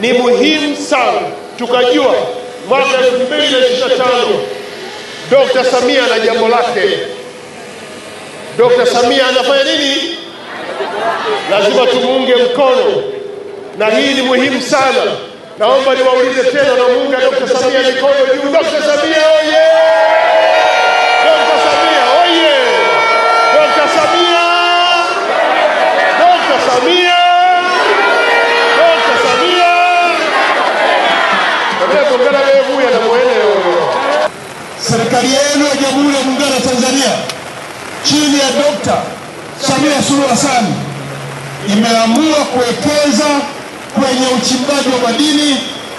ni muhimu sana tukajua mwaka 2025 Dr. Samia na jambo lake. Dr. Samia anafanya nini? Lazima tumuunge mkono, na hii ni muhimu sana. Naomba niwaulize tena, namuunga Dr. Samia mikono juu. Dr. Samia oye! Dr. Samia oye! Samia! Samia! Serikali yenu ya Jamhuri ya Muungano wa Tanzania chini ya Dr. Samia Suluhu Hassan imeamua kuwekeza kwenye uchimbaji wa madini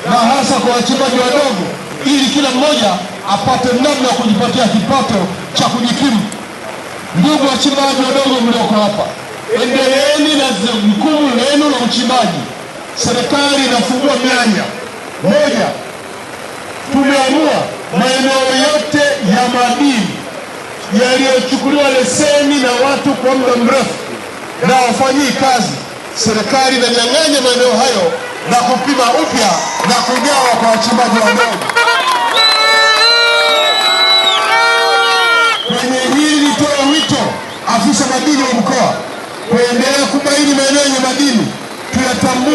na hasa kwa wachimbaji wadogo, ili kila mmoja apate namna ya kujipatia kipato cha kujikimu. Ndugu wachimbaji wadogo mlioko hapa, endeleeni na jukumu lenu la uchimbaji. Serikali inafungua mianya moja, tumeamua maeneo yote ya madini yaliyochukuliwa leseni na watu kwa muda mrefu na wafanyii kazi, serikali inanyang'anya maeneo hayo na kupima upya na kugawa kwa wachimbaji wadogo. Kwenye hili nitoe wito afisa madini wa mkoa kuendelea kubaini maeneo yenye madini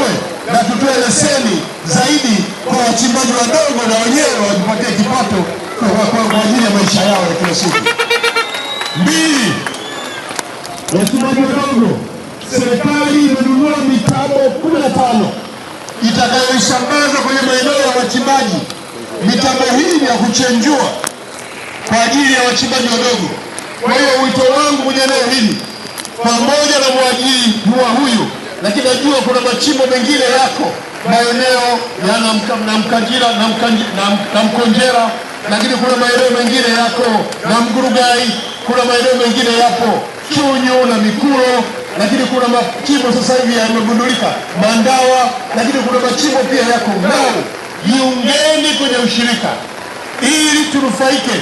tupanue na tutoe leseni zaidi kwa wachimbaji wadogo, na wenyewe wajipatie kipato kwa ajili ya maisha yao ya kila siku. Mbili, wachimbaji wadogo, serikali imenunua mitambo kumi na tano itakayoisambaza kwenye maeneo ya wachimbaji. mitambo hii ni ya kuchenjua kwa ajili ya wachimbaji wadogo. Kwa hiyo wito wangu kwenye eneo hili pamoja na mwajiri huwa huyu lakini najua kuna machimbo mengine yako maeneo ya mkanjira na Mkonjera, lakini kuna maeneo mengine yako na Mgurugai, kuna maeneo mengine yapo Chunyu na Mikulo, lakini kuna machimbo sasa hivi yamegundulika Mandawa, lakini kuna machimbo pia yako Ngau. Jiungeni kwenye ushirika ili tunufaike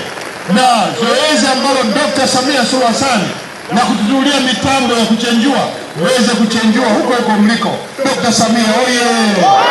na zoezi ambalo Dkt. Samia Suluhu Hassan na kututulia mitambo ya kuchenjua, weze kuchenjua huko huko mliko. Dr. Samia oye!